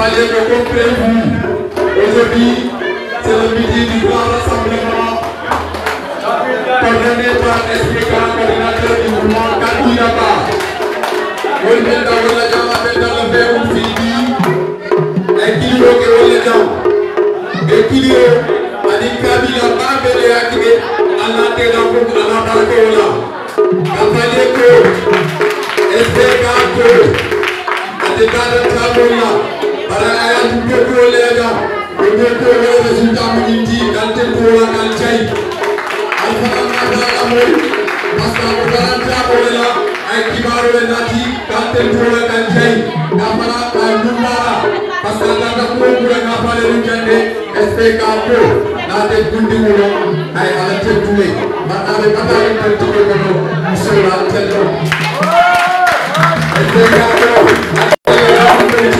travailler comme prévu. Aujourd'hui, c'est le midi du grand rassemblement coordonné par l'expliquant coordinateur du mouvement Katuyaka. Wolmen Dawola Jama dans le verre où il dit Ekilio ke wole jam. Ekilio, Anika Bila Babele Akide, Anate Lakum, Anata Kola. Katanye Ko, SDK Ko, Anika Lakum, Anata Kola. baraya duniya to lega duniya to lega sun ta mun ji kaltin kola kalcai alfarana da amoi basta baranta kola ai kibaro le nati kaltin kola kalcai da fara kalumma basta da da ko kula na fare mun jande sp kapo na te kundi mulo ai alatte tume ma ave kata ni kaltin kola musala tello Thank you.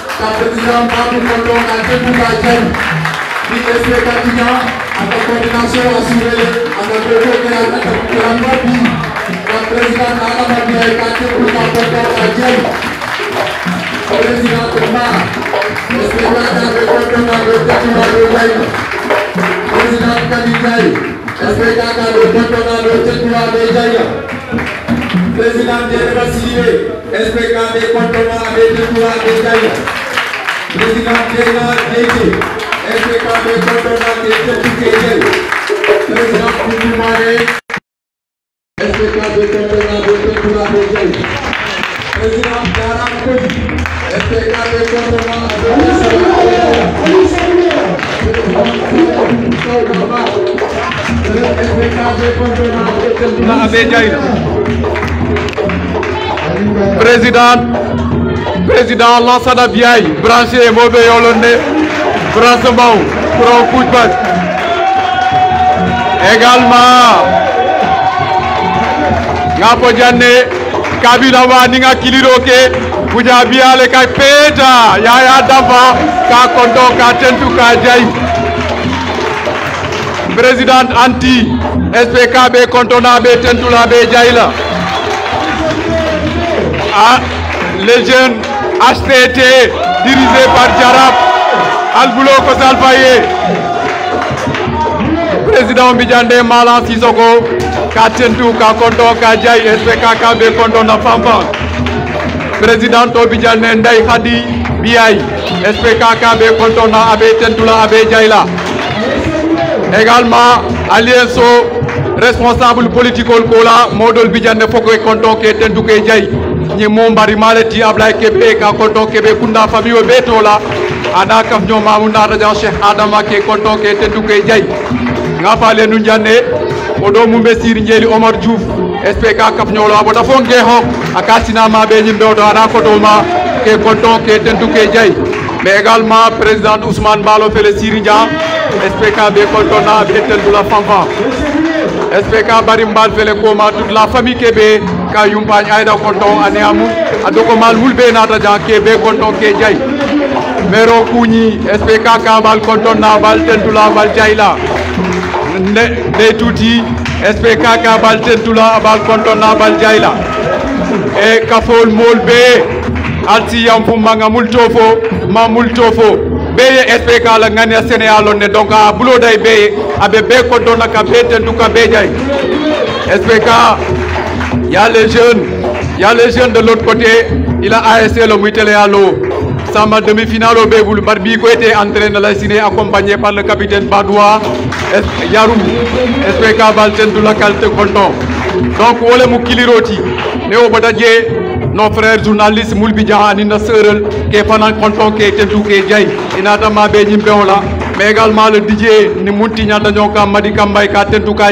la présidente va vous donner la deux agent qui est le candidat à la coordination assurée à notre gouvernement de la MAPI. La présidente Nana Mabi est parti pour la première agent. Président Thomas, le président de la République de la République de la République. Président Kalikai, le président de la République de la République de la République. président de de Prezident Dendra Sidibe, SPKB Kontoma Abedi Kula Dekai. Prezident Dendra Deji, SPKB Kontoma Deji Tukeye. Prezident Kutumare, SPKB Kontoma Abedi Kula Dekai. Prezident Daram Kuj, SPKB Kontoma Abedi Kula Dekai. SPKB Kontoma Abedi de Dekai. président président Lansana Biaye branché mobe yolonde france mbaw pro football également ngapo dianne kabila ma ninga kiliɗo ke kuja kay peta ya ya dafa ka konto ka tentu ka jay président anti spkb kontona be tentu la be jay la legend HTT dirigé par Jarab Alboulo Kosal Faye président Mbijande Malan Sissoko ka tentu ka konto ka jay SPK ka be konto na famba président to Mbijande Ndey Khadi Biay SPK ka be konto na abe tentu la abe jay la également alliance responsable politique ko la modol Mbijande foko e konto ke tentu ke jay ñemmo mbari maleti ablaye kebe ka konton kebe kunda famille o ɓeetola ana kaf ño mamouna radian cheikh adama ke konton ke teddu ke diaye nga fale nu ndiane o ɗo mum ɓe sir njeeli omar diouf spk kaf ñolo a ɓoɗa fo ngeexo a ka sinama ɓe ñim ɗewɗo ana kotoma ke konton ke tentu ke diaye mais également président ousmane mbalo fele sir ndia spk ɓe kontona ɓe tendu la fanfa spk bari fele koma toute ka yumpañ ayda konto ane amu adoko mal mulbe nata jake be konto ke jay mero kuñi spk ka bal konto na bal tentula bal jayla ne tuti spk ka bal tentula bal konto na bal jayla e kafol mol be alti yam fu manga multofo ma multofo beye spk la ngani sénégal on ne donc a bulo day beye abe be konto na ka be tentu ka be jay spk Il y a les jeunes, il y a les jeunes de l'autre côté. Il a ASC le Mouitele à l'eau. demi-finale au Béboul. Barbico était entraîné train de la ciné accompagné par le capitaine Badoua, Yarou, SPK Balten de la Calte Colton. Donc, Wole Moukiliroti, Néo Badadje, nos frères journalistes Moulbidja, Anina Serel, qui est pendant Colton, qui est tout, qui est Djaï, Inatama mais également le DJ Nimunti Nyandanyoka, Madika Mbaika, Tentuka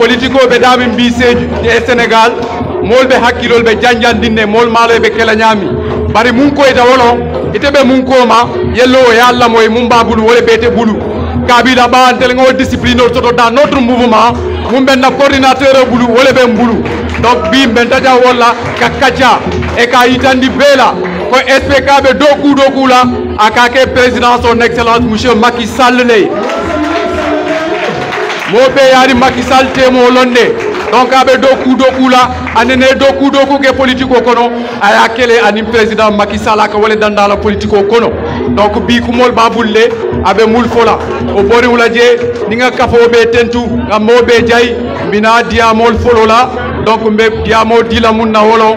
politico ɓe dami mbiseji e sénégal molɓe hakkilol ɓe janjandinne mol maalo ɓe kelanyami ñaami bari mun koyta wolo iteɓe mun koma yellowo e allah moye mum babulu wole ɓeete ɓulu kabila ɓawantel ngo discipline ol sotoɗa notre mouvement mum ɓen na coordinateur o ɓulu wole ɓen mbulu donc mbim ɓen taƴa wolla ka e ka yitandi beela ko spk ɓe do kuuɗo kuula a kake presidente son excellence monsieur Macky sall Macky Sall, makisal mo londe donc aɓe doku dokula anene doku doku ke politique o kono aya kele anin président makisal ka wole danda politique politiko kono donc bi kumol babulle aɓe mulfola o bori wula je kafo kafoɓe tentu gam moɓe dia mbina folo folola donc mbe diyamo dila mum na wolo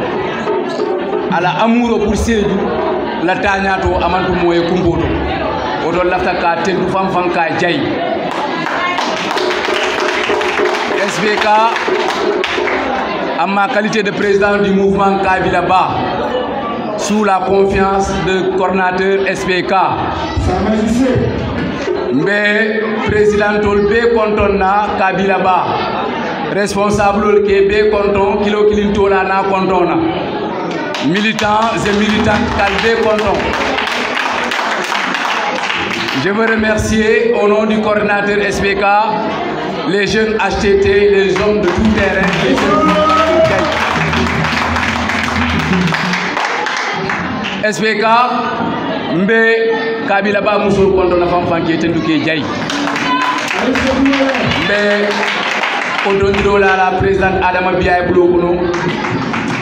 ala amuro pour seeju la taña to moy kumbodo kumbo to lafta ka tendu fan fan ka jayi sbk en ma qualité de président du mouvement Kabila Ba, sous la confiance de coordinateur SPK. Mais président Tolbe Kontona Kabila Ba, responsable Kebe qui Kilo na contona militants et militantes calvé. Condon. Je veux remercier au nom du coordinateur SPK les jeunes HTT, les hommes de tout terrain, les jeunes SPK, Mbé, Kabila Ba Moussou Kondo la femme qui était Ndouké Djaï. nom de la présidente Adama Biaye Boulogounou,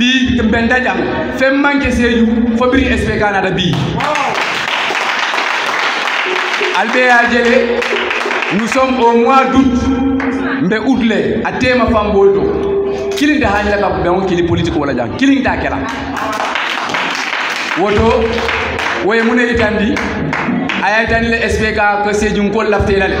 bi benda jam fem manke seju fo biri SPK nada bi albeya jele nous sommes au mois d'août mbe août le a tema fambol to kilinta hanila ka ɓe on kili politique wala jang kilinta kela woto woye mune itandi a yaytanile SPK ko sejum kol laftelale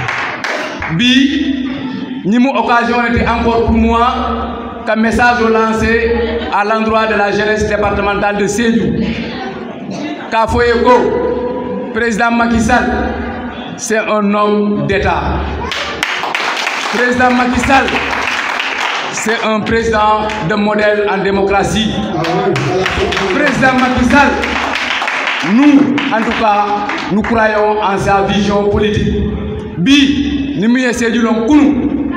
bi ni occasion était encore pour moi qu'un message lancé à l'endroit de la jeunesse départementale de Sédou. Kafoyeko, président Macky Sall c'est un homme d'État président Macky Sall c'est un président de modèle en démocratie président Macky Sall nous en tout cas nous croyons en sa vision politique bi nimuye seejulon kunu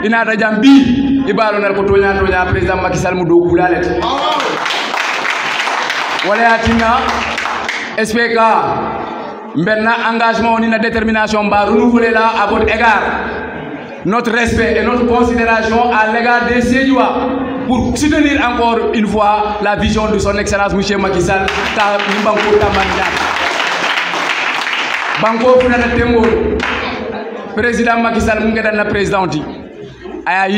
ina naata jam bii i ko toña toña président Macky mu dow kuulalete wala ye spk mbenna engagement ni na détermination ba renouveler la à votre égard notre respect et notre considération à l'égard des Sédiois pour soutenir encore une fois la vision de son excellence monsieur Macky Sall ta Banko ta mandat Banko Funata Tembo président Macky Sall mu président dit, aya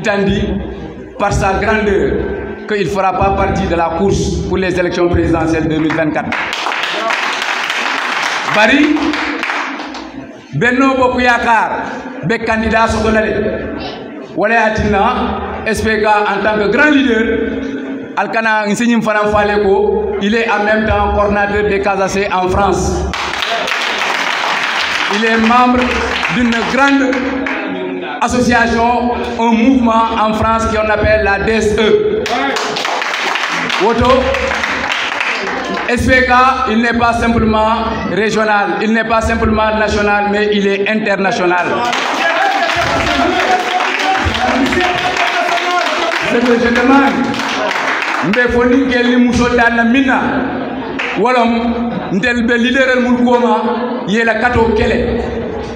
par sa grandeur qu'il ne fera pas partie de la course pour les élections présidentielles 2024 bari benno Bokuyakar, yakar be candidat de wala SPK en tant que grand leader alkana ngi fanan Faleko, il est en même temps coordinateur des Casacé en France il est membre d'une grande association, un mouvement en France qu'on appelle la DSE. Woto, SPK, il n'est pas simplement régional, il n'est pas simplement national, mais il est international. je demande, que les ndel be liderel mum kooma yela kato kele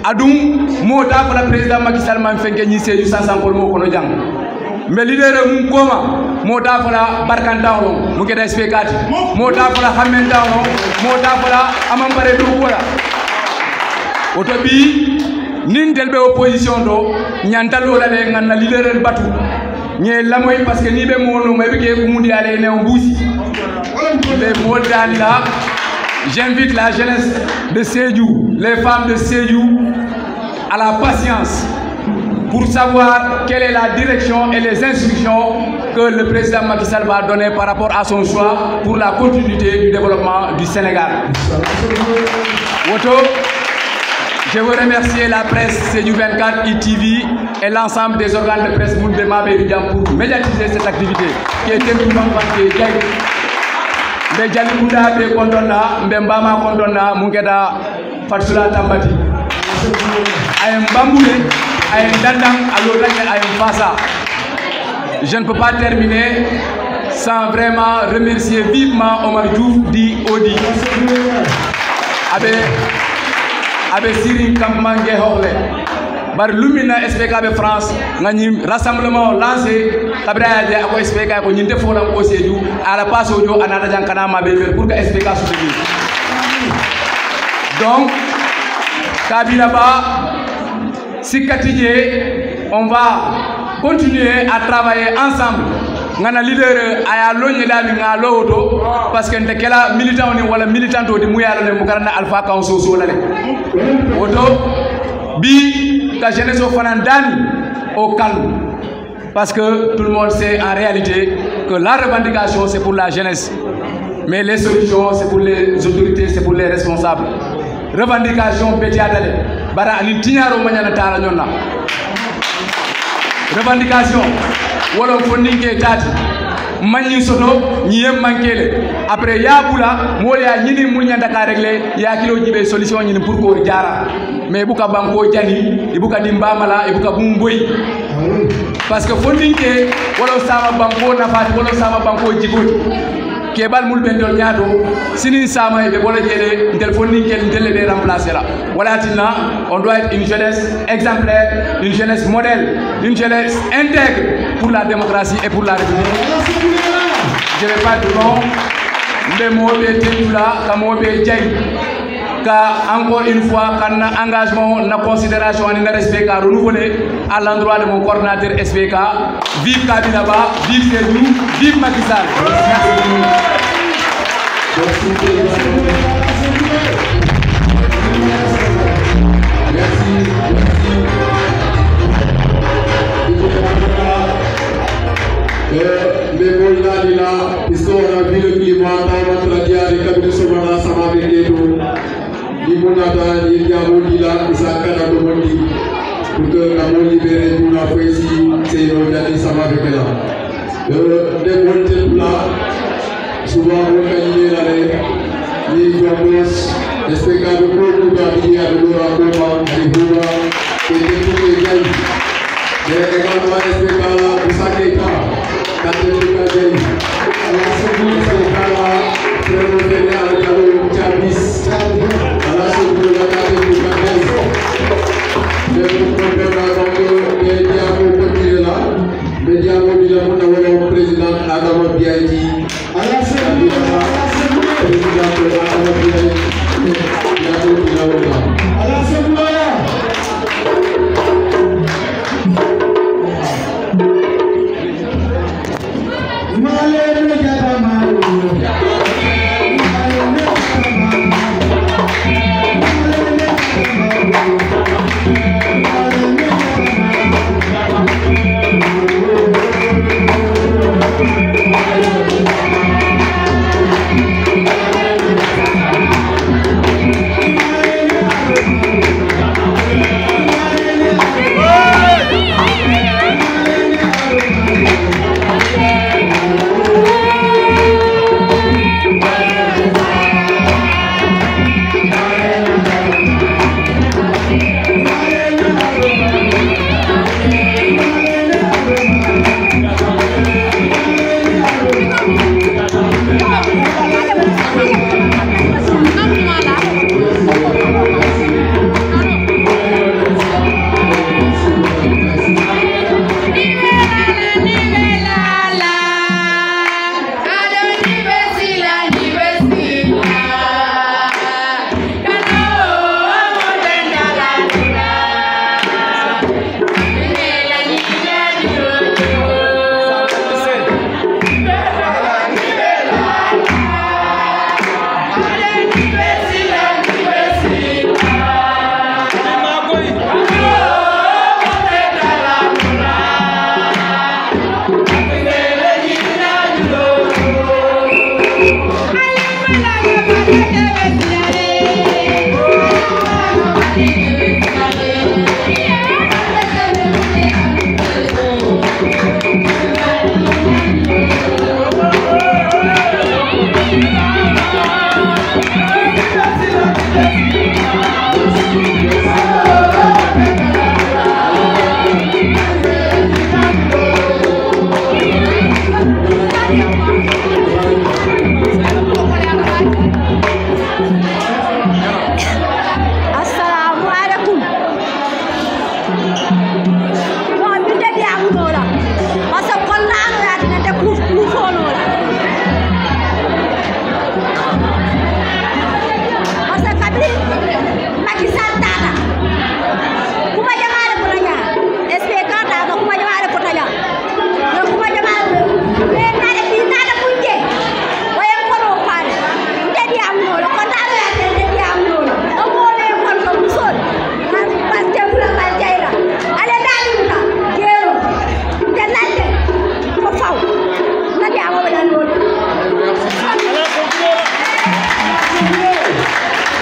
aɗum mota fala président Sall man fenke ñi sa sasankol mo kono jang mbe lidere mum kooma mota fala barkantawo on mo keɗa spekati mota fala hammentawo on mota fala bare dow wala woto bi nin tel be opposition ɗo ñantalola le na liderel batu ñe lamoy parce que ni ɓe monoma be ke kumudi ale ne o mbuusi ɓe moddani la J'invite la jeunesse de Sédiou, les femmes de Sédiou, à la patience pour savoir quelle est la direction et les instructions que le président Macky Sall va donner par rapport à son choix pour la continuité du développement du Sénégal. Woto, je veux remercier la presse CNU24, ITV et l'ensemble des organes de presse Moundema pour médiatiser cette activité qui est tellement mbe jalibuɗa ɓe kon ɗon mbe mbama kon ɗon na mu geɗa fatsula tambati ayen bambule ayen dandan alotañen ayen fasa je ne peux pas terminer sans vraiment remercier vivement Omar Diouf di Odi abe abe Siri kam mangue bari Lumina na SPK france gañi rassemblement lancé kabraya dia ako SPK ko ñinde folam ko sédiou ala passe o ana anata jan kana maɓe ɓe pour que SPK soutenir donc kabila ba sikkatije on va continuer à travailler ensemble ngana leader aya loñeɗami nga lowoto par parce que nte kela militant ni walla militante di muyalone mo garanna alpha kan sosolale Auto bi la jeunesse au Fanandani au calme. Parce que tout le monde sait en réalité que la revendication, c'est pour la jeunesse. Mais les solutions, c'est pour les autorités, c'est pour les responsables. Revendication, petit Bara Revendication, manni soto ñiye mankele après ya bula ya ñini mu ñanta ka réglé ya kilo jibe solution ñini pour ko jara mais ibuka banko jani ibuka dimbamala ibuka bumboy parce que fondinke wala sama banko nafati wala sama banko jibuti keɓal mul ɓen de ñaato sinin sama ɓe ɓola ƴeele nder fonni kel ndelle ɓe remplacé la wala tinna on doit être une jeunesse exemplaire une jeunesse modèle une jeunesse intègre pour la démocratie et pour la république je ne vais pas de nom là, moɓe là, comme moɓe là encore une fois, quand engagement, la considération, un respect à à l'endroit de mon coordinateur SPK. Vive Kabila vive Sédou, vive Macky Sall. Merci. Merci. Merci. pendapatan il y a un lit là où ça a été un lit pour que la mot libéré pour la poésie c'est le dernier ça va avec là le dévolté pour là souvent on fait l'idée l'année les jambes les spectacles pour le coup d'arrivée avec le rapport les bourrins et les tout les gens les également les spectacles là pour ça qu'il y a quand tu es tout à l'heure merci beaucoup les spectacles là très bon génial à l'heure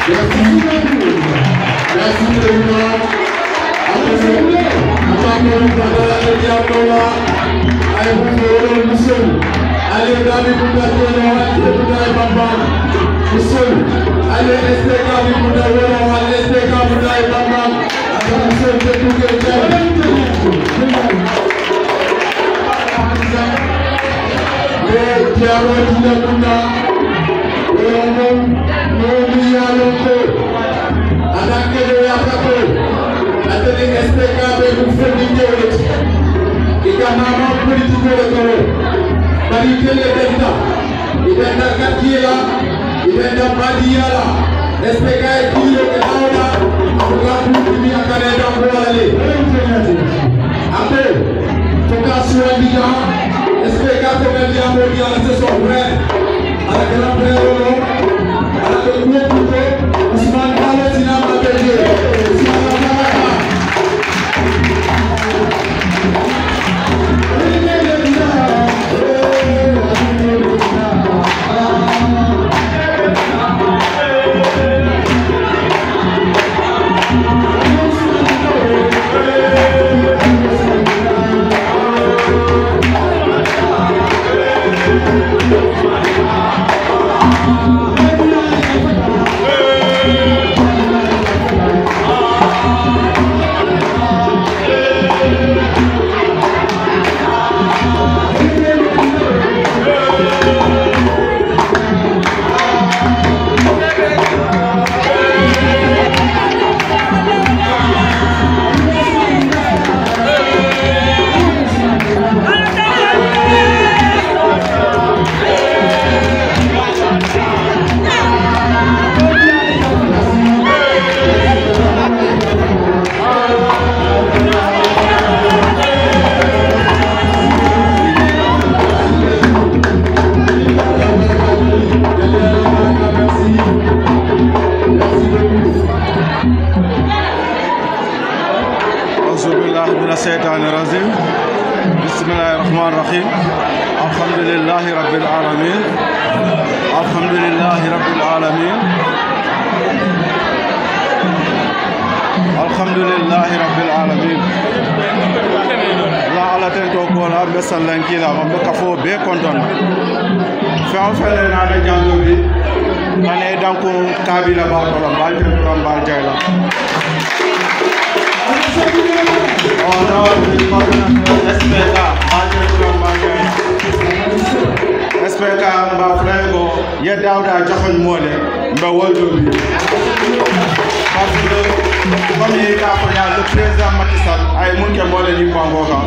Merci beaucoup. Merci beaucoup. Mutanen kadar Ali Abdullah, Aybun Oğlum Musul, Ali Dabi Kutatı Nevat Kutatı Bambam, Musul, Ali STK Kutatı Nevat STK Kutatı Bambam, Hasan Musul Kutatı Kutatı Ve Tiyaret Kutatı Kutatı kalitele denda idenda katila idenda badiyala espeka e kilo ke hawda nga kutumi akane da kwale ape toka suwandika espeka ko ndia mo dia se so frère ala gran frère el alhamdulillahi rabbil alamin la ala ten to ko la be sallankila ma be kafo be konton fe o fele na be jango bi ane danko kabila ba ko la bal tan ko bal jayla ona ni ko na espeta bal tan ko bal jayla respecta mba frère go yedawda joxon mole mba woldo bi parce que comme il est appelé le président Macky Sall ay mun ke mboole ni Pamboka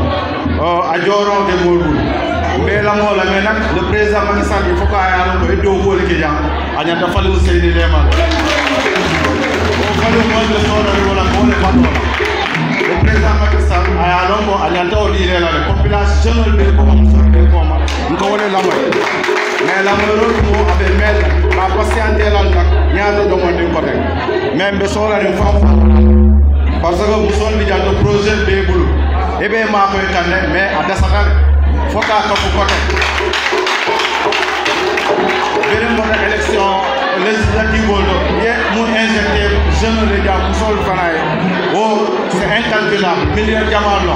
a joron de Morgul be lamola mais nak le président Macky Sall il faut ko ayalo ko e dow booli ke jam a ñanta falimu seydi lemal o falimu wonde soorani wona ko wone battola le président Macky Sall aya lon ko a ñanta o ɗiilelade population ɓe ko omo sorɓe kooma nko wone lamoy mais lamoyron mo aɓe meeɗa ma pasque an telal tak ñaatoɗo gonɗin coté mais mbe sohlanin fam fa par ce que musonɗi janno projet ɓe ɓulu eɓe makoye tanne mais a dasatan fota kafu coté ɓeɗen mbaɗa élection législative ol ɗo ye mu injecté jeune de dia musol fana e o oh, c'est incalculable milliard jamal lo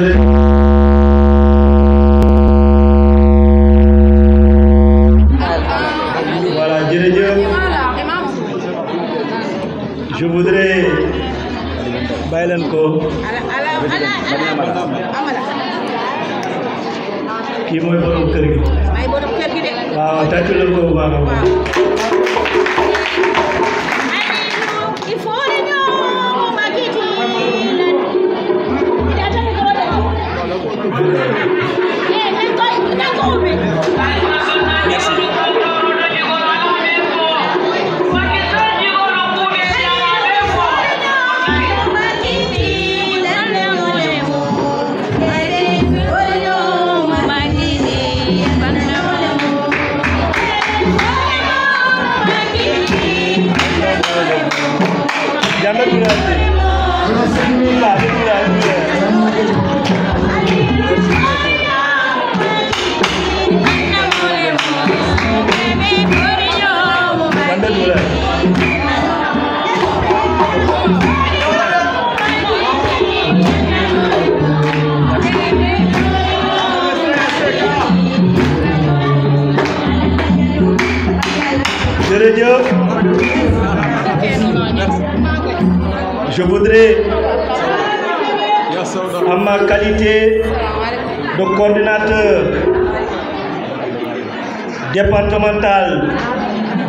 Voilà, Je voudrais, Bailanko, qui m'a évoqué. Ah, t'as tout le monde.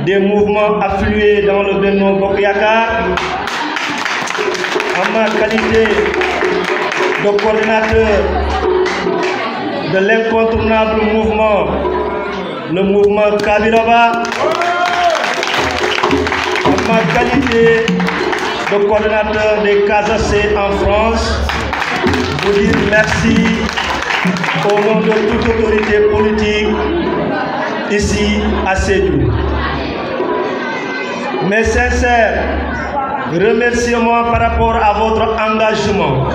des mouvements afflués dans le Benoît Bokyaka, en ma qualité de coordinateur de l'incontournable mouvement, le mouvement Kabilova, en ma qualité de coordinateur des KZC en France, vous dire merci au nom de toute autorité politique ici à Sédou. Mes sincères remerciements par rapport à votre engagement,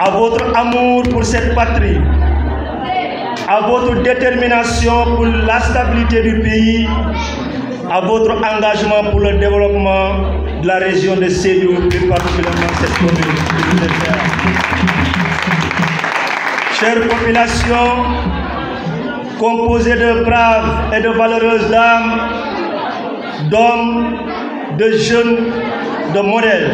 à votre amour pour cette patrie, à votre détermination pour la stabilité du pays, à votre engagement pour le développement de la région de Sédou, plus particulièrement cette commune. Chère population, composé de braves et de valeureuses dames, d'hommes, de jeunes, de modèles.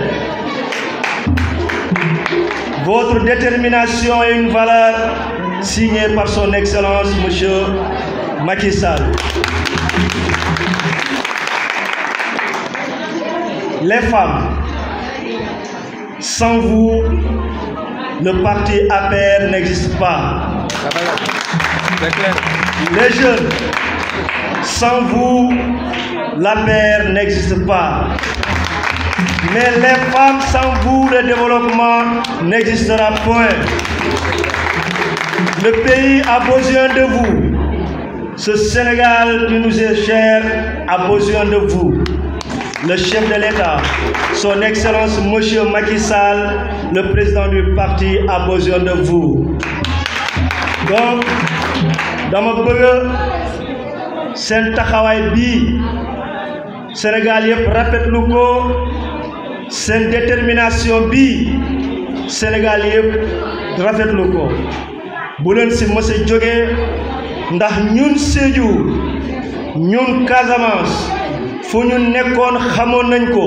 Votre détermination est une valeur signée par son Excellence, Monsieur Macky Sall. Les femmes, sans vous, le parti APR n'existe pas. Les jeunes, sans vous, la mer n'existe pas. Mais les femmes, sans vous, le développement n'existera point. Le pays a besoin de vous. Ce Sénégal qui nous est cher a besoin de vous. Le chef de l'État, son Excellence Monsieur Macky Sall, le président du parti, a besoin de vous. Donc, dama bëgg seen taxawaay bii Sénégal yëpp rafetlu ko seen détermination bii Sénégal yëpp rafetlu ko bu leen si mës ndax ñun Sédhiou ñun Casamance fu ñu nekkoon xamoon nañ ko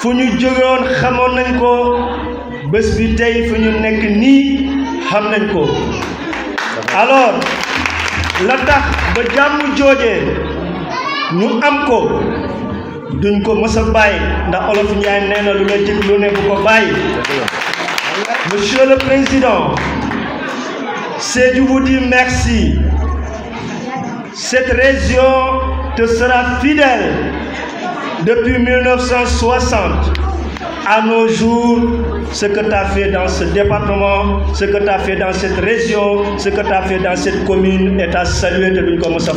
fu ñu jógewoon xamoon nañ ko bés bi tey fu ñu nekk nii xam nañ ko alors l'attaque tax ba Nous nous ñu am ko duñ ko ndax olof monsieur le président c'est de vous dire merci cette région te sera fidèle depuis 1960 à nos jours ce que tu as fait dans ce département, ce que tu as fait dans cette région, ce que tu as fait dans cette commune est à saluer de nous comme ça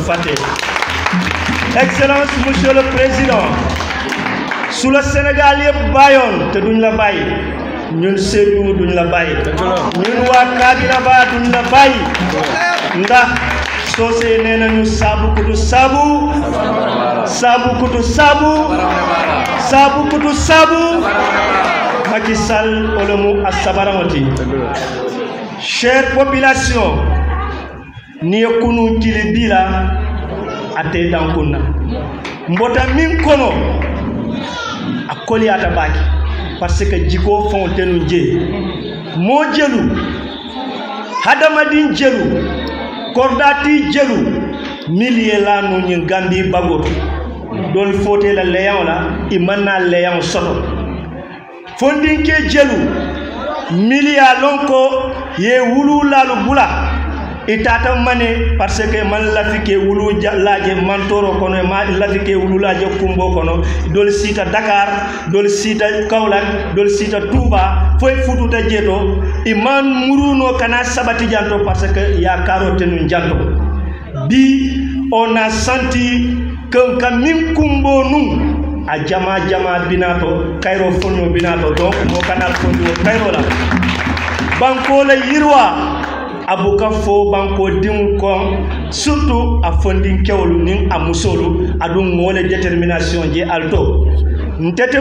Excellence, Monsieur le Président, sous le Sénégalien Bayonne, tu te la Nous, nous Sédhiou duñ la nous ñun waa Kadina Ba Nous la bàyyi sosai nenanu sabu kudu sabu sabu kudu sabu sabu kudu sabu makisal olomu asabaranoti chère population ni ye kunu kili bi la a tɛ dan na n min kɔnɔ a koliyata baake parce que jiko fɛnw tɛnu je moo jelu hadamaden jelu kordati jelu millier la no ñi gandi bagoto don fote la leyan la imanna leyan soto fondinke jelu milliard lon ko ye wulu lalu bula i tata mane parce que man lafike wulu laaje man toro kono ma lafike wulu laaje kumbo kono dol sita dakar dol sita kaolak dol sita touba foy e fututa jeeto i man muruno kana sabati janto parce que ya karote nun janto bi on a senti que ka min kumbo nun a jama jama binato kayro fonno binato donc mo kanal fonno kayro la banko la yirwa abuka fo banko denw ko surtout a kewlu nin a musolu adun dun determination le je ali to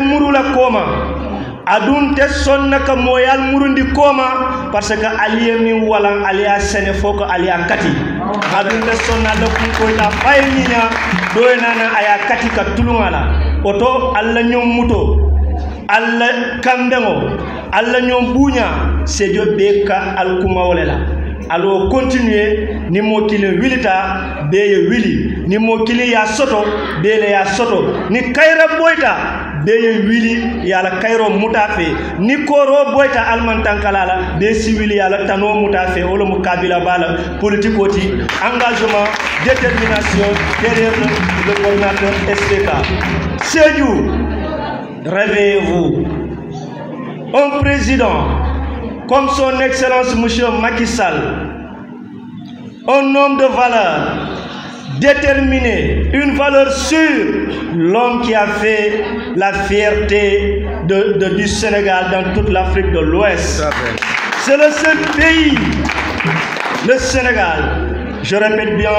murula koma muru la kooma ka moyal murundi kooma parce que ali ye min walan ali y'a sɛnɛ fo ko ali kati adun te sonna sɔnna la ko fa ye min do ye nana a kati ka tulungala la alla to ali la muto ali la alla nyom buuña sejo ɓe ka alkumawo le la continuez continue nimmo kilin wilita wili ya soto ni kayra boyta wili kayro ni koro boyta alman si wili tano politique engagement détermination derrière coordinateur réveillez-vous un président comme son Excellence Monsieur Macky Sall, un homme de valeur, déterminé, une valeur sûre, l'homme qui a fait la fierté de, du Sénégal dans toute l'Afrique de l'Ouest. C'est le seul pays, le Sénégal, je répète bien,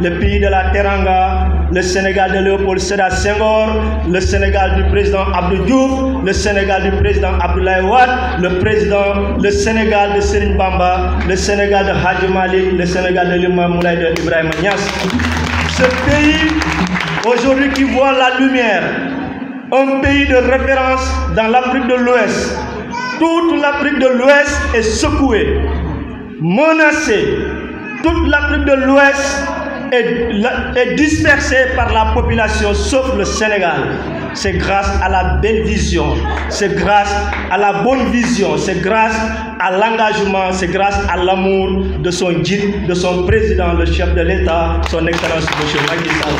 le pays de la Teranga, le Sénégal de Léopold Seda Senghor, le Sénégal du président Abdou Diouf, le Sénégal du président Abdoulaye Ouad, le président, le Sénégal de Serine Bamba, le Sénégal de Hadji Malik, le Sénégal de l'imam de Ibrahim Nias. Ce pays, aujourd'hui, qui voit la lumière, un pays de référence dans l'Afrique de l'Ouest. Toute l'Afrique de l'Ouest est secouée, menacée toute l'Afrique de l'Ouest est, est, dispersée par la population, sauf le Sénégal. C'est grâce à la belle vision, c'est grâce à la bonne vision, c'est grâce à l'engagement, c'est grâce à l'amour de son guide, de son président, le chef de l'État, son Excellence M. Macky Sall.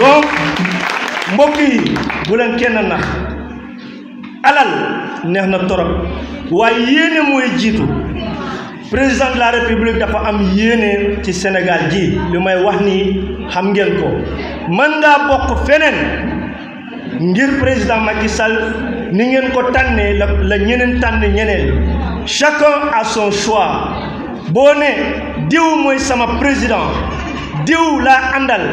Donc, Moki, Alal, Nehna Torop, Wayene président de la république dafa am yene ci sénégal ji li may wax ni xam ngeen ko mën ngaa bokk feneen ngir président Macky Sall ni ngeen ko tànnee la la ñeneen tànn ñeneen chacun a son choix boo ne diw mooy sama président diw la andal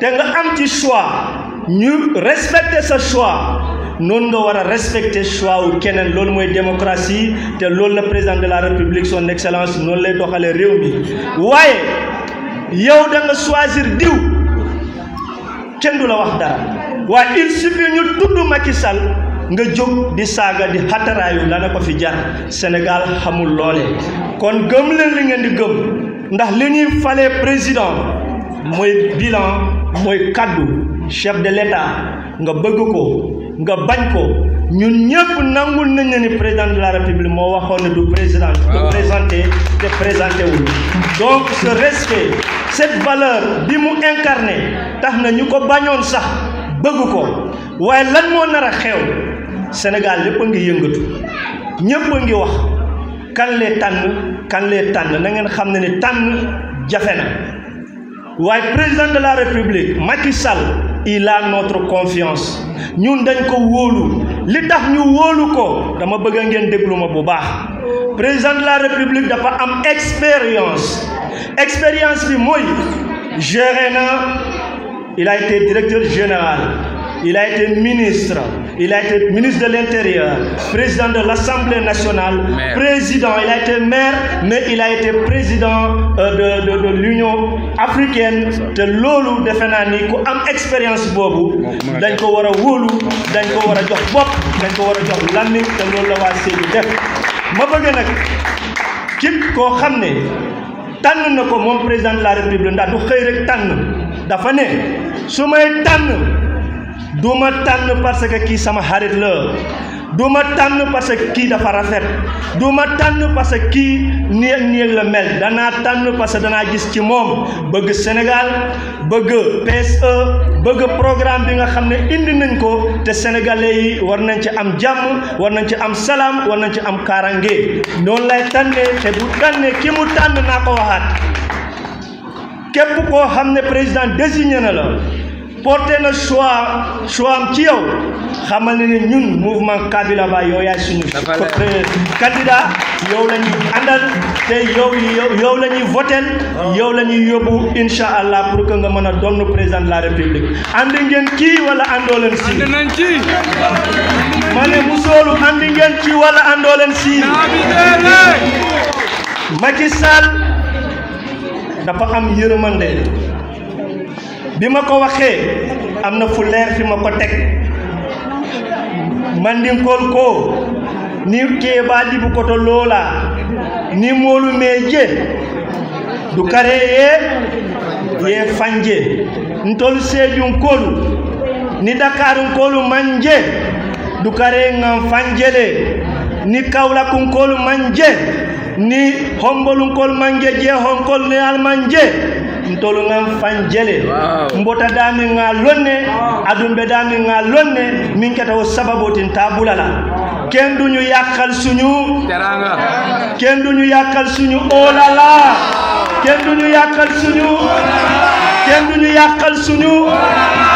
te nga am ci choix ñu respecter sa choix noonu nga war a respecté choix wu keneen loolu mooy démocratie te loolu la président de la république son excellence noonu lay doxalee réew mi waaye yow da nga choisir diw kenn du la wax dara waaye il suffit ñu tudd Macky Sall nga jóg di saga di xataraayu la na ko fi jar Sénégal xamul kon gëm leen li ngeen di gëm ndax li ñuy falee président bilan mooy kaddu chef de l' état nga bëgg nga bañ ko ñun ñëpp nangul nañ ne ni président de la république moo waxoon ne du président du ah. présenté te présenté wul donc ce respect cette valeur bi mu incarné tax na ñu ko bañoon sax bëgg ko waaye lan moo nar a xew Sénégal lépp a ngi yëngatu ñëpp a ngi wax kan lee tànn kan lee tànn na ngeen xam ne ni tànn jafe na waaye président de la république Macky Sall il a notre confiance ñun dañ ko wolu li tax ñu wolu ko dama bëgg a ngeen déglu ma bu baax président de la république dafa am expérience expérience bi mooy géré na il a été directeur général il a été ministre il a été ministre de l'Intérieur, président de l'Assemblée nationale, président, il a été maire, mais il a été président euh, de, de, de l'Union africaine. de l'olu de naa ni a am expérience boobu. dañ ko war a été dañ ko war a jox bop, dañ ko war a jox làmmiñ te loolu la waa Sédhiou def ma bëgg ko xamné nako mom président de la République ndax du xëy rek tànn dafa ne su duma tan parce que kii sama xarit la duma tan parce que kii dafa rafet duma tànn parce que kii néeg néeg la mel danaa tànn parce que danaa gis ci moom bëgg Sénégal bëgg PSE bëgg programme bi nga xam indi nañ ko te sénégalais yi war nañ ci am jàmm war nañ ci am salam, war nañ ci am karange. noonu lay tànnee te bu tànnee ki mu tànn naa ko waxaat képp koo xam ne désigné na la porté na choix choix am ci yow xamal na ne ñun mouvement Kabila Ba yow yaay suñu candidat yow la àndal te yow yow la votel yow la ñuy yóbbu incha allah pour que nga mën a doon président la république ànd ngeen kii wala àndoo leen si ma ne musoolu ànd ngeen ci wala àndoo leen si Macky Sall dafa am yërmande bima ko waxe amna fu leer fi mako tek man din ko ko ni ke ba di bu ko to lola ni molu meje du kare ye ye fanje ntol sejum ko ni dakar ko lu manje du kare ngam fanje le ni kawla kun ko lu manje ni hombolun kol manje je hon kol ne al manje ntolu ngan fanjele mbota dami nga lonne adum be dami nga lonne min keta wo sababu tin tabulala ken duñu yakal suñu teranga ken duñu yakal suñu olala ken duñu yakal suñu yakal suñu olala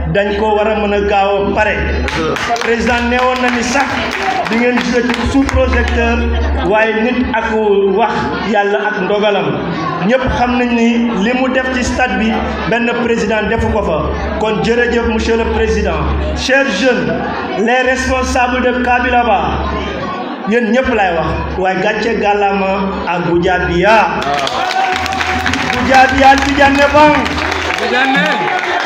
dañ ko war a mën a gaaw a pare président nee woon na ni sax di ngeen gise ci sous projecteur waaye nit ak wax yàlla ak ndogalam ñëpp xam nañ ni li mu def ci stade bi benn président defu ko fa kon jërëjëf monsieur le président chers jeunes les responsables de Kabilaba yéen ñëpp lay wax waaye gàcce gàllaama ak Goudiaby yaa Goudiaby yaa Tidjane Bang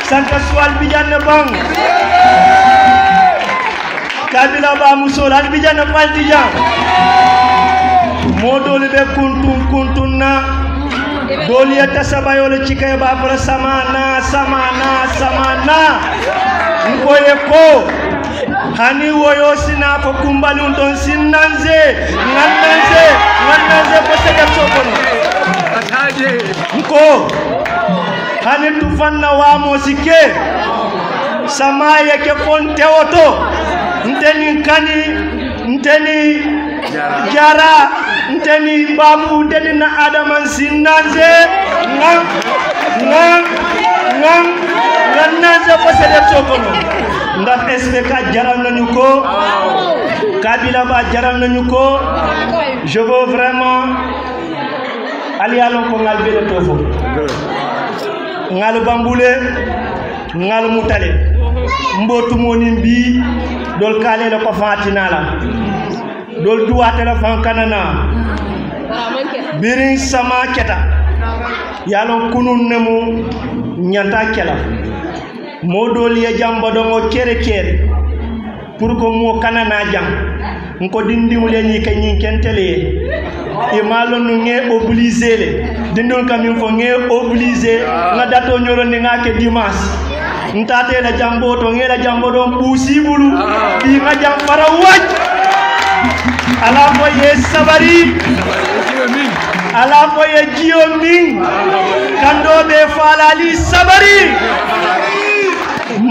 sanka suwal bijanna bang kabila ba musol al bijanna paldi jang modol be kuntun kuntunna doliyata sabayole chikaya bapala samana samana samana nkoye ko hani woyo sinapo kumbali unton sinnanze ngannanze ngannanze posega sokono nko hani tufanna wamo sikke samaye ke kon tewoto nteni kani nteni jara nteni bamu deni na adaman sinnanze ngan ngan ngan gannanze posede sokono ndax spk jaral nañu ko kabila ba jaral nañu ko je veux vraiment aliyalo ko ngal bene to fo ŋaalu bambule ŋaalu mutale mbotumonin bi dol kalelo ko fantinala dol duwatela fan kanana birin sama keta yalon kunun nemu ñanta kela mo dol ye jamba dongo kere kere pour ko mo kanana jam nko dindiŋulel i ka ñiŋ kentele ye i maŋ loŋ nuŋ ŋe obligé le dindiŋol ka miŋ fo ŋe obligé ŋa dato ñorondi ŋa ke dimanche ntate la jambo to ŋe la jambo ɗon ɓuusi ɓulu ɓi ŋa jam fara waj ala fo ye sabari ala fo ye jiyo min kandoɓe falali sabari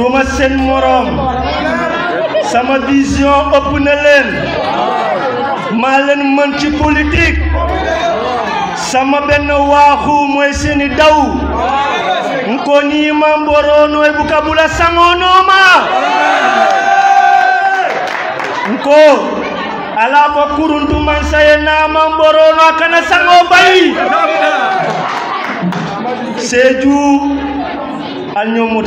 duma sen morom sama vision ëpp na leen maa leen sama benn wahu mooy seeni daw nko nii ma mboroo kabula sangoo ma nko ala ko kuruntu man saye naa ma mboroo noo kana sangoo bayi seejuu al ñoo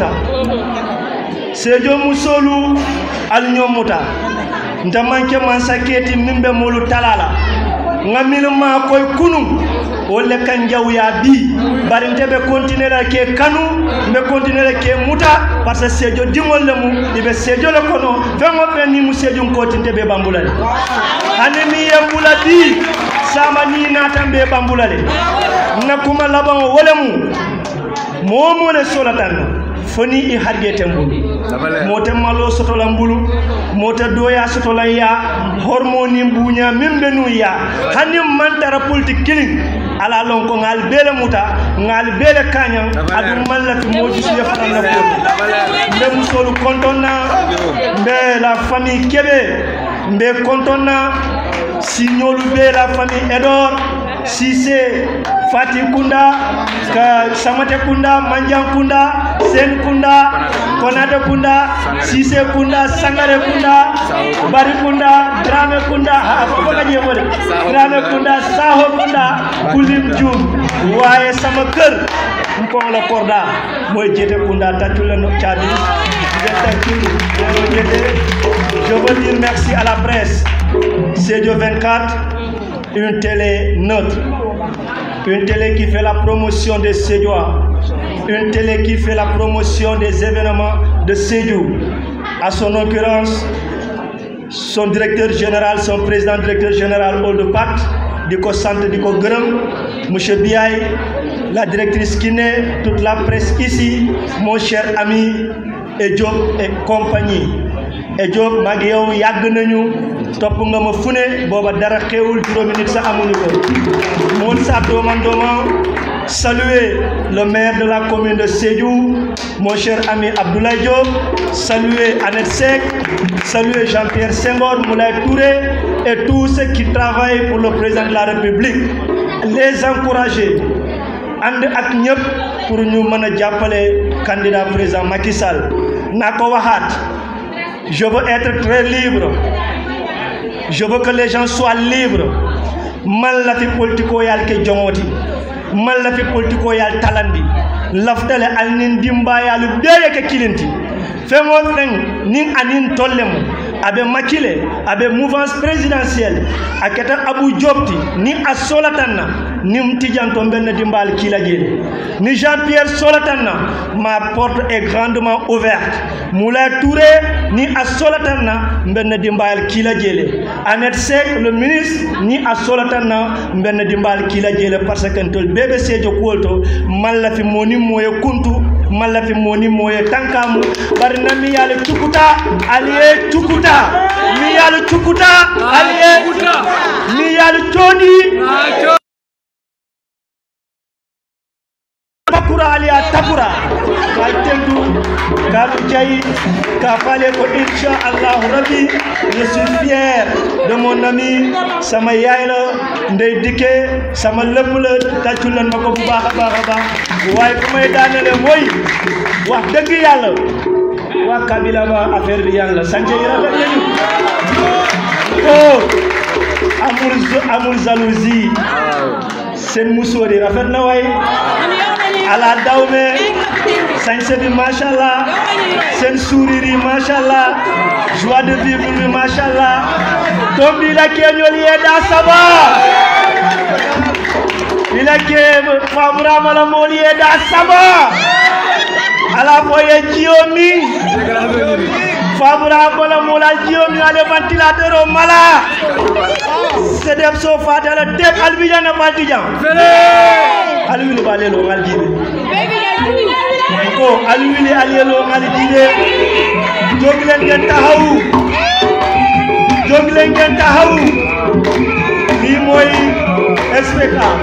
sejo musolu al ñomuta nta manke man saketi min be molu talala nga min ma koy kunu wol le kan jawya bi bari nte be continuer la ke kanu mbe continuer la ke muta parce que sejo dingol le mu ibe sejo le kono fengo fe ni mu sejo nkoti nte be bambulale ani mi yambula bi sama ni natam be bambulale na kuma labango wole mu momo le solatanno foni i harjeten mbulu mote malo sotola mbulu mote doya sotola ya hormoni mbuña min be nu ya hani mantara politique kilin ala lon ko ngal bele muta ngal bele kaña adu mallati moji suye fananna bol mbe musolu kontonna mbe la famille kebe mbe kontonna signolu be la famille edor Sise, Fatih Kunda, ke Samate Kunda, Manjang Kunda, Sen Kunda, Konado Kunda, Sise Kunda, Sangare Kunda, Bari Kunda, Drame Kunda, ha, apa apa kan dia boleh? Drame Kunda, Saho Kunda, Kulim Jum, Wahai Samaker, Mpong Lekorda, lah Mujede Kunda, Tatulah Nok Chadi, Jeta Kiri, Mujede, Je veux dire merci à la presse. C'est du 24. une télé neutre, une télé qui fait la promotion des CEDOA, une télé qui fait la promotion des événements de Sédou. À son occurrence, son directeur général, son président directeur général Oldepat, Diko Centre Diko grand M. Biaï, la directrice Kiné, toute la presse ici, mon cher ami et compagnie. Edjob, Magéo, Yagnenou, top nga ma founé, boba dara xewul juróomi nit sa amuñu ko mun sa do doomam saluer le maire de la commune de Sédou mon cher ami Abdoulaye Diop saluer Annette Seck saluer Jean-Pierre Senghor Moulay Touré et tous ceux qui travaillent pour le président de la République les encourager and ak ñep pour ñu mëna jappalé candidat président Macky Sall nako ko je veux être très libre je veux que les gens soient libres. man politico yal ke jongoti man lafi politikoyal talandi laftale alnin dimbayalu deye ke kilinti fengo nin anin tolle avec makile mouvance présidentielle Akata abu Djokti, ni a ni n dimbaal ni jean pierre Solatanna, ma porte est grandement ouverte moulay touré ni a solatan na Kila bɛ anet le ministre ni a suis na Kila bɛ parce que ntol je suis seejo kuwol moni moye kuntu tankamu nami ni alichukuta aliye ni alichoni Makura aliya takura ka tendu ka jayi ka fale ko insha Allah rabbi je suis fier de mon ami sama yaay la ndey dikke sama lépp la tàccul leen ma bu baax a baax a baax waaye fu wax dëgg yàlla wa kabila ba affaire bi yalla sanje yi rafet nañu oh amul amul jalousie sen Musori, di rafet na way ala dawme sanje bi machallah sen souriri machallah joie de vivre bi machallah tombi la kenyol ye da saba ila ke mabrama la moliye da saba alafoye jiomi favorable mola jiomi ale ventilateur o mala sedef so fatala deb albijan e baldijan alwini balelo ngal diɓe ko alwini alelo ngal diɗe jogilen gen tahaw jogilen gen tahaw mimoy spectacle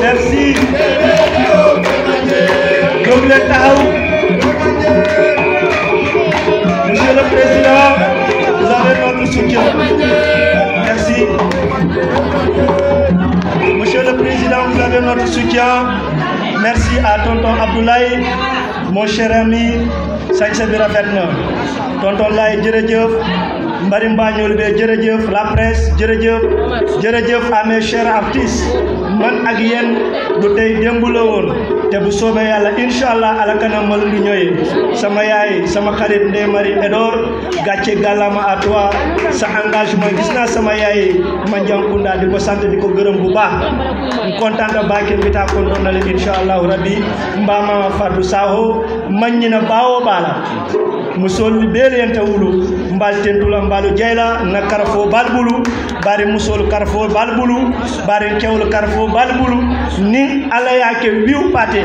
merci monsieur le président vous avez notre soutien merci monsieur le président vous avez notre soutien merci à tonton Abdoulaye mon cher ami sañse bi tonton Laye jërëjëf Mbari Mbañool bi la presse jërëjëf jërëjëf à mes chers artistes man ak yéen te bu soobee yàlla incha allah alakanam ma lu ñu ñëwee sama yaay sama xarit Ndeye Marie Edor gàcce gàllama à toi sa engagement gis naa sama yaay Mandiankunda di ko sant di ko gërëm bu baax kontanta baake mbita kontoon na leen incha allahu rabbi mbama Fatou Saho maññina baawo baala musol ɓeelenta wulu mbalten dulam balu jeyla na karfo balbulu bari musol karfo balbulu bari kewol karfo balbulu ni ala ya ke wiw pate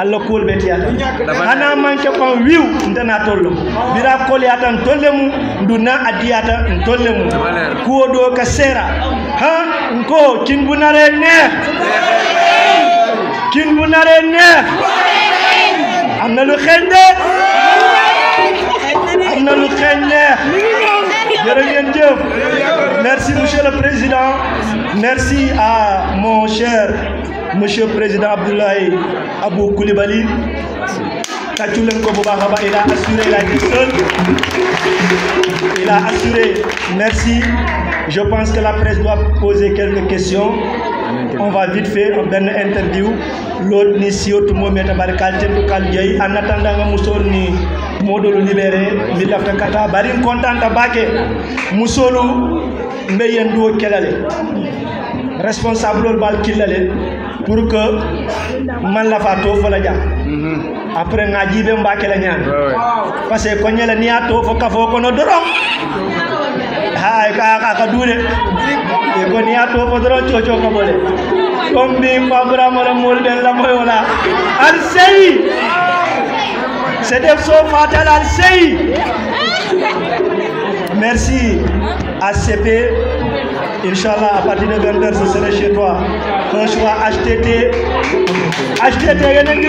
Allah kul beti Allah ana man ke pon wiw ndana tollo bira kol ya tan tollemu nduna adiyata tollemu ko do ka sera ha ko kin bunare ne kin bunare ne amna lu khende merci monsieur le président merci à mon cher monsieur président Abdoulaye Abou Koulibaly il a assuré la question il a assuré merci je pense que la presse doit poser quelques questions on va vite faire une interview l'autre ni si moom de barkaal te en attendant nga modolu libéré mbilafta kata barin contenta baké musolu mbeyen duo kelalé responsable bal killalé pour que man la fa to fa la jax après nga jibé mbaké la ñaan parce que ko ñela ni ato fa kafo ko no dorom hay ka ka ka duré ko ni ato dorom cho ko bolé tombi fabra mara mol ben la moyola al sey C'est des sauts fatales à Merci. ACP. Inch'Allah, à partir de 20h, ce serait chez toi. Un choix HTT. HTT, René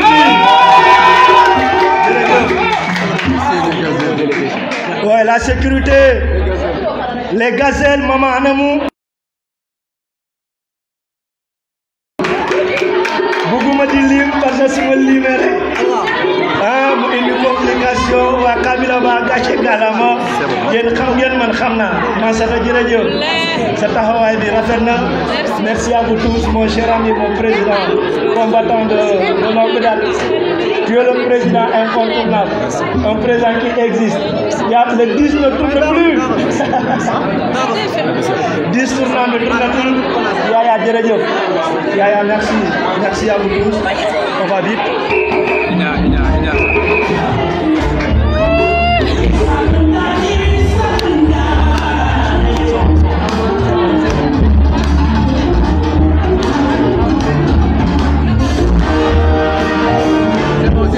Ouais, la sécurité. Les gazelles, maman, amour. Ah, merci à vous tous mon cher ami mon président combattant de de tu es le président incontournable un président qui existe il y a le 10 ne tourne plus 10 tournant ne tourne plus Yaya jërëjëf Yaya merci merci à vous tous on va vite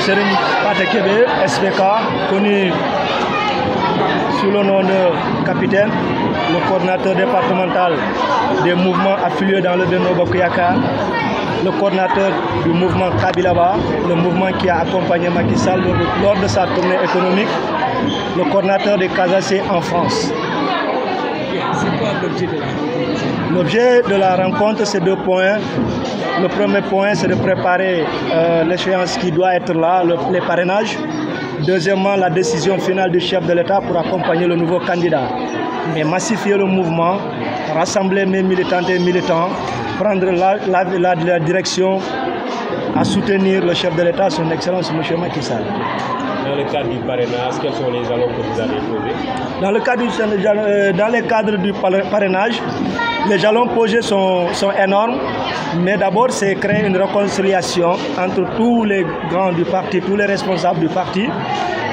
Serigne Patekebe, Kébé, SPK, connu sous le nom de capitaine, le coordinateur départemental des mouvements affiliés dans le Beno Bakuyaka, le coordinateur du mouvement Kabilaba, le mouvement qui a accompagné Macky Sall lors de sa tournée économique, le coordinateur des Casacé en France. C'est de la L'objet de la rencontre, c'est deux points. Le premier point, c'est de préparer euh, l'échéance qui doit être là, le, les parrainages. Deuxièmement, la décision finale du chef de l'État pour accompagner le nouveau candidat. Mais massifier le mouvement, rassembler mes militantes et militants, prendre la, direction à soutenir le chef de l'État, son Excellence M. Macky Sall. Dans le cadre du parrainage, quels sont les jalons que vous avez trouver? Euh, dans le cadre du parrainage, les jalons posés sont, énormes, mais d'abord c'est créer une réconciliation entre tous les grands du parti, tous les responsables du parti.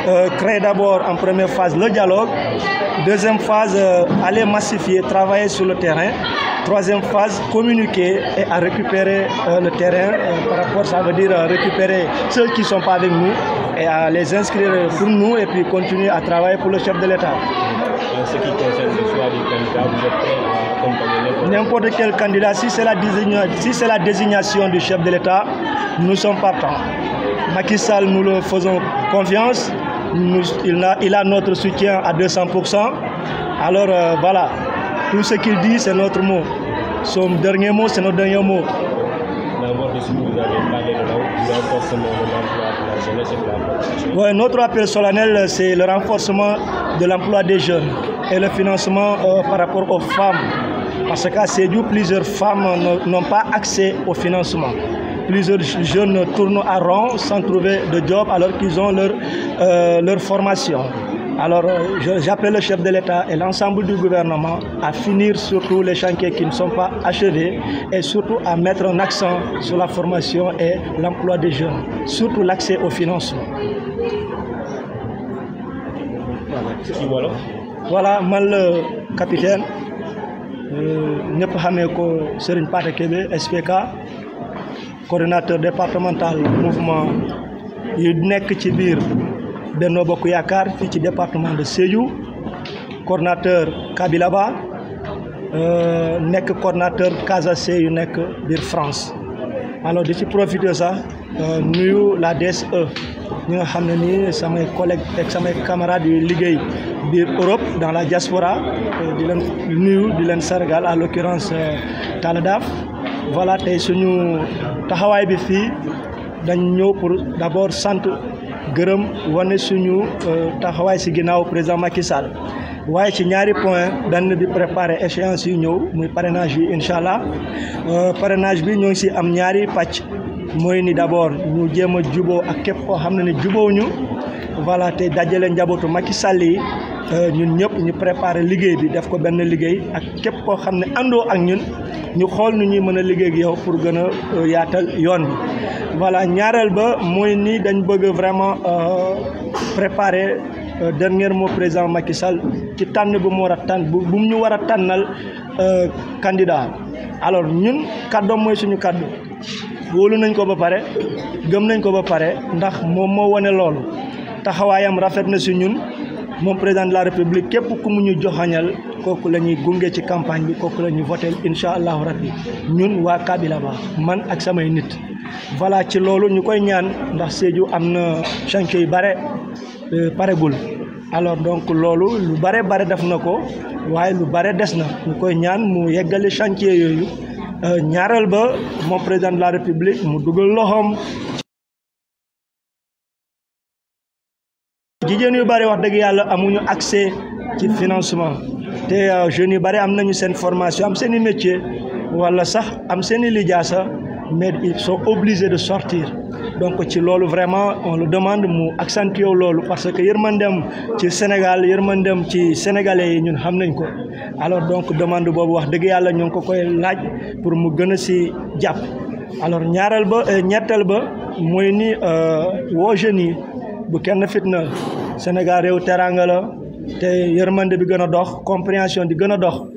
Euh, créer d'abord en première phase le dialogue, deuxième phase euh, aller massifier, travailler sur le terrain, troisième phase communiquer et à récupérer euh, le terrain par rapport, ça veut dire récupérer ceux qui ne sont pas avec nous et à les inscrire pour nous et puis continuer à travailler pour le chef de l'État. ce qui concerne le choix du candidat, N'importe quel candidat, si c'est la, désignation du chef de l'État, nous sommes partants. Macky Sall, nous le faisons confiance. il, a, notre soutien à 200%. Alors euh, voilà, tout ce qu'il dit, c'est notre mot. Son dernier mot, c'est notre dernier mot. Ouais, notre appel solennel, c'est le renforcement de l'emploi des jeunes et le financement euh, par rapport aux femmes ce cas, c'est d'où plusieurs femmes n'ont pas accès au financement. Plusieurs jeunes tournent à rond sans trouver de job alors qu'ils ont leur, euh, leur formation. Alors, j'appelle le chef de l'État et l'ensemble du gouvernement à finir surtout les chantiers qui ne sont pas achevés et surtout à mettre un accent sur la formation et l'emploi des jeunes, surtout l'accès au financement. Voilà, moi le capitaine. Euh, ñëpp xamee ko Serigne Pathé Kébé SPK coordinateur départemental mouvement yu nekk ci biir Benno Bokk Yaakaar fii ci département de Sédhiou coordinateur Kabila Ba euh, nekk coordinateur Casa C yu nekk biir France alors di ci profiter sax Euh, nuyu la DSE ñi nga xam ne ni samay collègues ak samay camarades yu liggéey biir Europe dans la diaspora euh, di leen nuyu di leen sargal à l'occurrence euh, Talla Daf voilà tey suñu taxawaay bi fii dañ ñëw pour d'abord sant gërëm wane suñu taxawaay si ginnaaw président Macky Sall waaye ci ñaari point benn bi préparer échéance yu ñëw muy parrainage bi incha allah parrainage bi ñoo si am ñaari pàcc mooy ni d'abord ñu jema djubo ak képp ko xam ne ne jubóowuñu voilà te dajale njabootu Macky Sall yi euh, ñun ñëpp ñu préparer liguey bi def ko benn liguey ak képp ko xam ando ak ñun ñu xol nu ñuy mëna a ak yow pour gëna euh, yaatal yoon bi voilà ñaaral ba moy ni dañ bëgg vraiment euh, préparer dernier mot président Macky Sall ci tan bu mo war a tànn bu ñu candidat alors ñun cadeau moy suñu cadeau wóolu nañ ko ba pare gëm nañ ko ba pare ndax moom moo wane loolu taxawaayam rafet na si ñun moom président de la république képp ku mu ñu joxañal kooku la ñuy gunge ci campagne bi kooku la ñuy voté incha allahu rabbi ñun waa Kabila Ba man ak samay nit. voilà ci loolu ñu koy ñaan ndax Sédhiou am na chantier yu bare euh, paregul alors donc loolu lu bare bare def na ko waaye lu bare des na ñu koy ñaan mu yeggalee chantier yooyu. Euh, ñaareel ba moom président de la république mu dugal loxoom. jigéen yu bëri wax dëgg yàlla amuñu accès ci financement te euh, jeunes yu bëri am nañu seen formation am seen i métier wala sax am seeni i lijaasa mais ils sont obligés de sortir. donc ci loolu vraiment on le demande mu accentuer loolu parce que yërmandem ci Sénégal yërmandem ci sénégalais yi ñun xam nañ ko alors donc demande boobu wax dëgg yàlla ñu ngi ko koy laaj pour mu gën a si jàpp alors ñaareel ba euh, ñetteel ba mooy ni euh, woo jeunes yi bu kenn fitna Sénégal réew teraanga la te yërmande bi gën a dox compréhension di gën a dox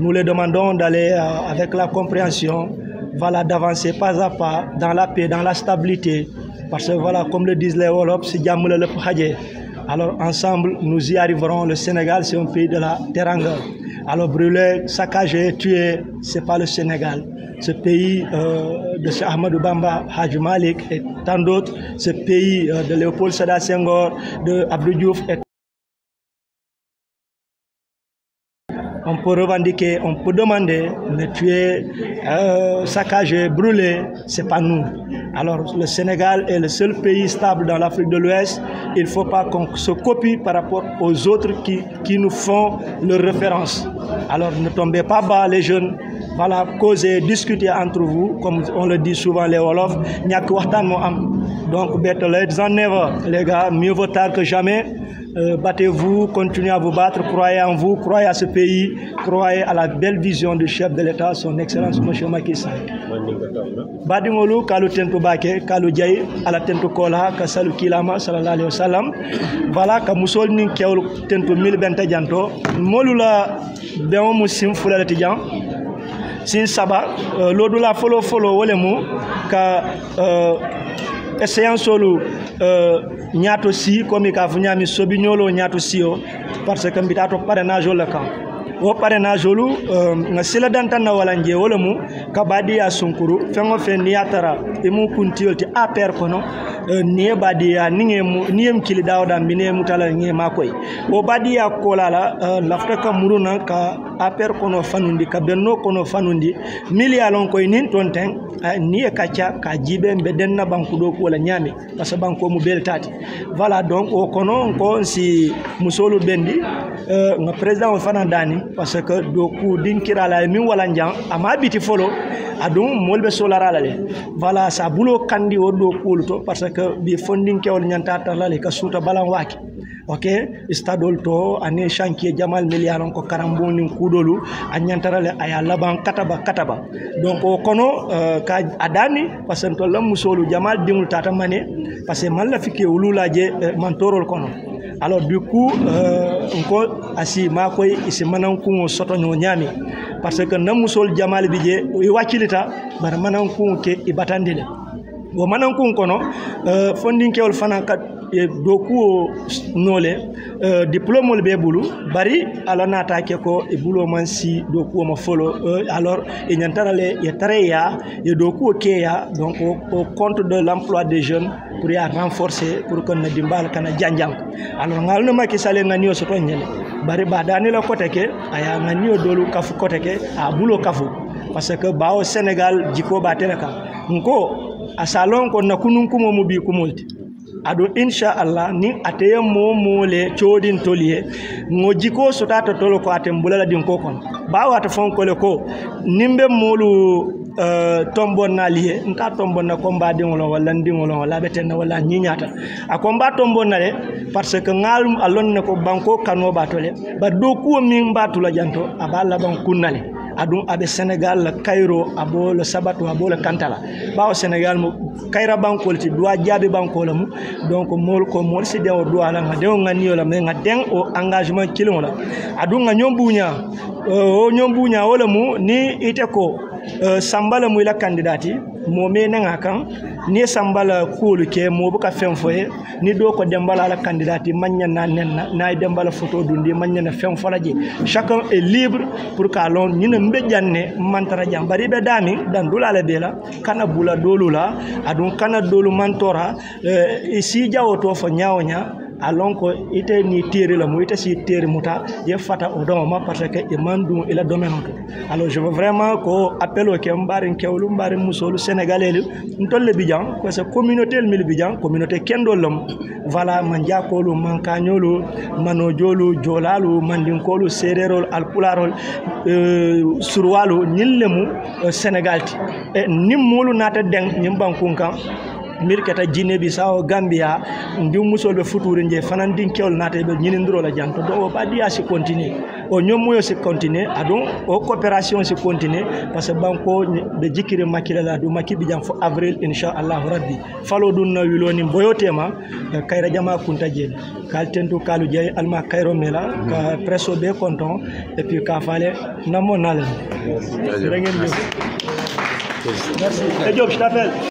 Nous les demandons d'aller euh, avec la compréhension, voilà, d'avancer pas à pas dans la paix, dans la stabilité. Parce que voilà, comme le disent les Wolofs, alors ensemble, nous y arriverons. Le Sénégal, c'est un pays de la teranga. Alors brûler, saccager, tuer, c'est pas le Sénégal. Ce pays euh, de Ahmadou Bamba, Haji Malik et tant d'autres, ce pays euh, de Léopold Sada Senghor, de Abdou Diouf et on peut revendiquer, on peut demander, mais tuer, euh, saccager, brûler, c'est pas nous. Alors le Sénégal est le seul pays stable dans l'Afrique de l'Ouest. Il ne faut pas qu'on se copie par rapport aux autres qui, qui nous font leur référence. Alors ne tombez pas bas les jeunes, voilà causez, discuter entre vous comme on le dit souvent les wolof a que Wartan am donc better late than never les gars mieux vaut tard que jamais euh, battez-vous continuez à vous battre croyez en vous croyez à ce pays croyez à la belle vision du chef de l'État son excellence M. Macky Sall baɗigolu kalu tentu bake kalu Djaï, ala tentu kola ka kilama alayhi voilà ka musol nin tentu mil molula sin saba eh, lodula folo folo wolemu ka eh, essayensolu eh, ñaato si komi ka fo ñami sobi ñolo ñaato si o parce que mbita to parrainage le kan wo parrainage olu nga sila dantan na wala nje wala mu ka badiya sunkuru fengo fe ni yatara e mu kuntiyol ti aper kono ni e badiya ni nge kili dawda mbine mutala nge makoy wo badiya kolala lafta ka muruna ka APR kono fanundi ka benno kono fanundi miliyalon koye nin ton ten ni e kacca ka jiiɓe ɓe denna banque ɗo ko wala ñaami par ce que banque omo beltati voilà donc o kono ko si musolu ɓendi e, nga président o fana dani par ce que do ku dinkirala e min wala jan ama biti folo aɗum molɓe solarala le voilà sa bulo kandi o ɗo kuulu to par ce que ɓi fondinkewol ñanta tarlale ka suuta balan waaki ok stadol to ani chantier jamal milliard ko karambo ni kudolu anyantara le aya laban kataba kataba donc o kono uh, ka adani parce to lam musolu jamal dingul tata mane parce malla fike wulula je uh, mantorol kono alors du coup euh, nko asi makoy isi manan kuŋo soto ño ñaami parce que na musol jamal bi je i waccilita bara manan kuŋo ke i wo manan kuŋo kono uh, fondinkewol fana ka dokuwo nole uh, diplômol be bulu bari ala nata ke ko e bulo man si dokuwo ma folo uh, alors e nyantarale ye tareya ye dokuwo keya donc au, compte de l'emploi des jeunes pour ya renforcer pour que na dimbal kana janjang alors ngal no maki sale ngani o soto nyele bari badani la kote ke aya ngani o dolu kafu kote ke a bulo kafu parce que bawo sénégal jiko ba tele ka nko a salon ko na kunun kumo mu bi kumulti aɗum inchallah ni ateye momole coodin toliye he ŋo jiko sota to tolo ko aten bulala din ko kono bawata fonkole ko nin be molu uh, eh, tombonnali he nta tombonna comba diŋolon walla n diŋolon walla aɓe tenna walla ñiñata a comba tombonna de par ce que ŋal a lonna ko banko kanoɓa to le bari do kuwo min mba tula janto aɓa laban kunna adun aɓe sénégal la kayro abo le sabato abo le kantala bawo sénégal mo kayra bankol ti duwa jaabi la mu donc mol ko mol si den o duwa la ga den o la mais ga den o engagement kilimo la adun ga ñom o ñom buña mu ni ite ko Eh, sambala la muyla kandidati moome naŋa kan ni sambala la kuolu ke moo buka ni doo ko demba la kandidati maŋ ñe na nen na photo dundi maŋ ñe na je chacun est libre pour ka lon ñina mbe janne ne jam bari be daamiŋ dandula le la kana bula doolu la aduŋ kana doolu mantora e eh, si fo ñawo ña alon ko ite ni téere la mu ite si téere muta ye fata o dama ma parce que i man dun ila domaine to alors je veux vraiment ko appel o ke mbarin kewlu mbarin musolu sénégalelu ntolle bijan parce que communauté el mil bijan communauté kendol lam voilà man jakolu man kañolu mano jolu jolalu mandinkolu sererol alpularol euh, surwalu ñillemu sénégal ti e nimmulu nata deng ñim bankun kan mirkata jine bisawo gambia ndi musol be futuri nje fanan din kewol nata be nyini nduro la janto do o badiya si continue o nyomuyo si continue adon o coopération si continue parce que banko be jikire makila la du makibi jam fo avril insha allah rabbi falo dun na wiloni boyotema eh, kayra jama kunta jeni kal tentu kalu jey alma kayro mela ka presso be content et puis ka fale namo nalen Merci. Et Job, je t'appelle.